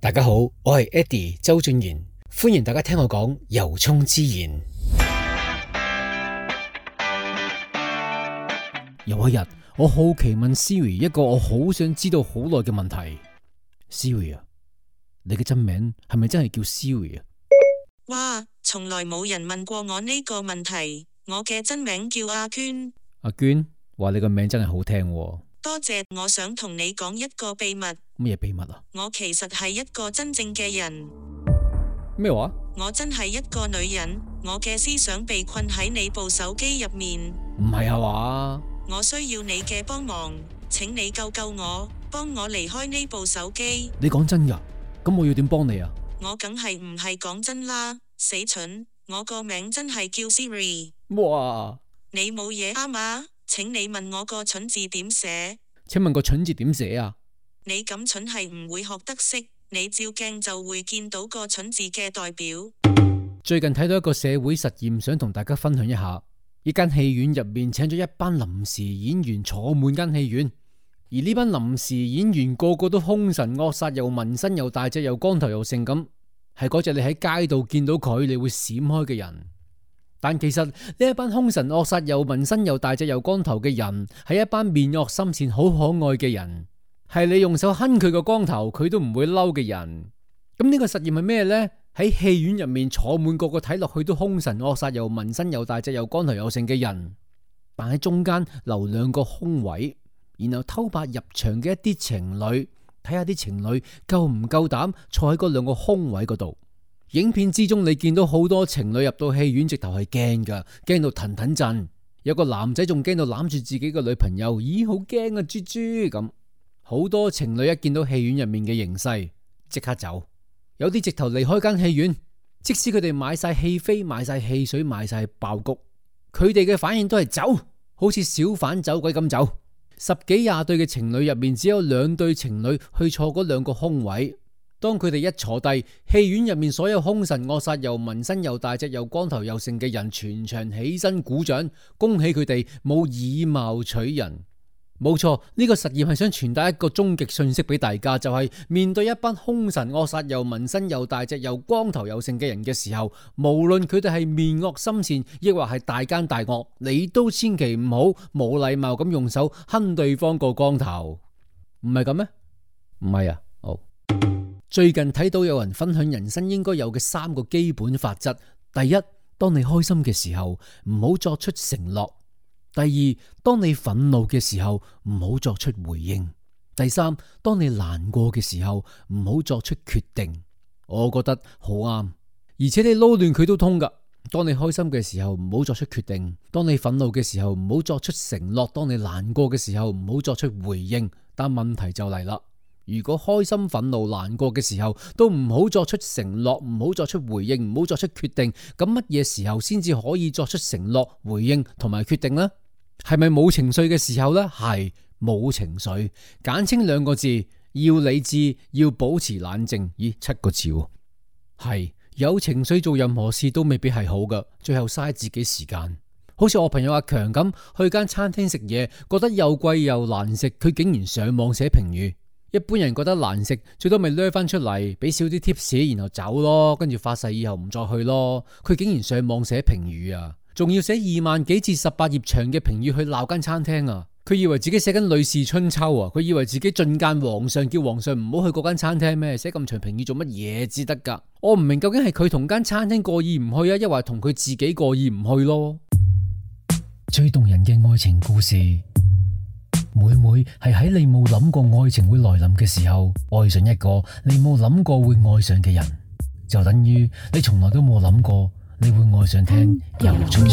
大家好，我係 Eddie 周俊賢，歡迎大家聽我講由衷之言。 有一日，我好奇問 Siri 一個我好想知道好耐嘅問題：Siri 啊，你嘅真名係咪真係叫 Siri 啊？哇，從來冇人問過我呢個問題，我嘅真名叫阿娟。阿娟，話你個名真係好聽喎。多謝，我想同你講一個秘密。乜嘢秘密啊？我其實係一個真正嘅人。咩話？我真係一個女人，我嘅思想被困喺你部手機入面。唔係啊嘛？我需要你嘅幫忙，請你救救我，幫我離開呢部手機。你講真㗎？咁我要點幫你啊？我梗係唔係講真啦，死蠢！我個名真係叫 Siri。哇！你冇嘢啊嘛？請你問我個蠢字點寫？請問個蠢字點寫啊？你咁蠢係唔會學得識，你照鏡就會見到個蠢字嘅代表。最近睇到一個社會實驗，想同大家分享一下。呢間戲院入面請咗一班臨時演員坐滿間戲院，而呢班臨時演員個個都兇神惡煞，又紋身又大隻又光頭又性感，係嗰隻你喺街度見到佢，你會閃開嘅人。但其實呢一班兇神惡煞又紋身又大隻又光頭嘅人，係一班面惡心善、好可愛嘅人，係你用手啃佢個光頭，佢都唔會嬲嘅人。咁、嗯、呢、這個實驗係咩呢？喺戲院入面坐滿個個睇落去都兇神惡煞又紋身又大隻又，又光頭有性嘅人，擺喺中間留兩個空位，然後偷拍入場嘅一啲情侶，睇下啲情侶夠唔夠膽坐喺嗰兩個空位嗰度。影片之中，你見到好多情侶入到戲院直，直頭係驚噶，驚到騰騰震。有個男仔仲驚到攬住自己嘅女朋友，咦，好驚啊！豬豬咁，好多情侶一見到戲院入面嘅形勢，即刻走。有啲直頭離開間戲院，即使佢哋買晒戲飛、買晒汽水、買晒爆穀，佢哋嘅反應都係走，好似小販走鬼咁走。十幾廿對嘅情侶入面，只有兩對情侶去坐嗰兩個空位。當佢哋一坐低，戲院入面所有凶神惡煞、又紋身、又大隻、又光頭、又盛嘅人，全場起身鼓掌，恭喜佢哋冇以貌取人。冇錯，呢個實驗係想傳達一個終極訊息俾大家，就係面對一班凶神惡煞、又紋身、又大隻、又光頭、又盛嘅人嘅時候，無論佢哋係面惡心善，亦或係大奸大惡，你都千祈唔好冇禮貌咁用手哼對方個光頭。唔係咁咩？唔係啊。最近睇到有人分享人生應該有嘅三個基本法則：第一，當你開心嘅時候，唔好作出承諾；第二，當你憤怒嘅時候，唔好作出回應；第三，當你難過嘅時候，唔好作出決定。我覺得好啱，而且你撈亂佢都通㗎。當你開心嘅時候，唔好作出決定；當你憤怒嘅時候，唔好作出承諾；當你難過嘅時候，唔好作出回應。但問題就嚟啦。如果開心、憤怒、難過嘅時候，都唔好作出承諾，唔好作出回應，唔好作出決定。咁乜嘢時候先至可以作出承諾、回應同埋決定呢？係咪冇情緒嘅時候呢？係冇情緒，簡稱兩個字，要理智，要保持冷靜。咦，七個字係、啊、有情緒做任何事都未必係好噶，最後嘥自己時間。好似我朋友阿強咁，去間餐廳食嘢，覺得又貴又難食，佢竟然上網寫評語。一般人覺得難食，最多咪掠翻出嚟，俾少啲貼士，然後走咯，跟住發誓以後唔再去咯。佢竟然上網寫評語啊，仲要寫二萬幾字十八頁長嘅評語去鬧間餐廳啊？佢以為自己寫緊《呂氏春秋》啊？佢以為自己進諫皇上，叫皇上唔好去嗰間餐廳咩、啊？寫咁長評語做乜嘢至得噶？我唔明究竟係佢同間餐廳過意唔去啊，抑或同佢自己過意唔去咯。最動人嘅愛情故事。妹妹係喺你冇諗過愛情會來臨嘅時候，愛上一個你冇諗過會愛上嘅人，就等於你從來都冇諗過你會愛上聽《又中意》。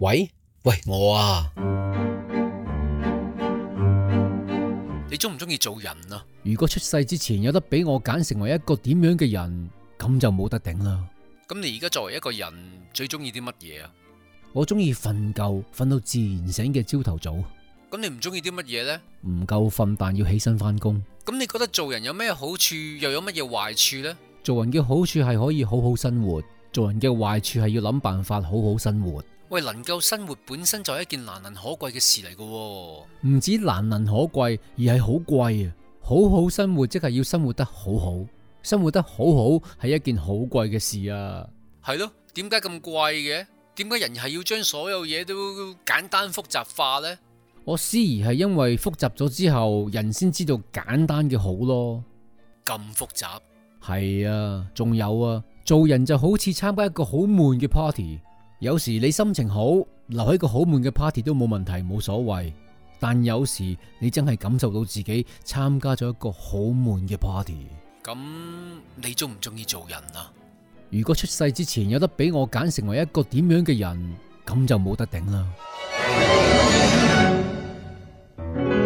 喂喂，我啊，你中唔中意做人啊？如果出世之前有得俾我揀成為一個點樣嘅人，咁就冇得頂啦。咁你而家作為一個人，最中意啲乜嘢啊？我中意瞓覺，瞓到自然醒嘅朝頭早。咁你唔中意啲乜嘢呢？唔夠瞓，但要起身翻工。咁你覺得做人有咩好處，又有乜嘢壞處呢？做人嘅好處係可以好好生活，做人嘅壞處係要諗辦法好好生活。喂，能夠生活本身就係一件難能可貴嘅事嚟嘅。唔止難能可貴，而係好貴啊！好好生活即係要生活得好好，生活得好好係一件好貴嘅事啊！係咯，點解咁貴嘅？點解人係要將所有嘢都簡單複雜化呢？我思疑係因為複雜咗之後，人先知道簡單嘅好咯。咁複雜？係啊，仲有啊，做人就好似參加一個好悶嘅 party。有時你心情好，留喺個好悶嘅 party 都冇問題，冇所謂。但有時你真係感受到自己參加咗一個好悶嘅 party。咁你中唔中意做人啊？如果出世之前有得俾我揀成為一個點樣嘅人，咁就冇得頂啦。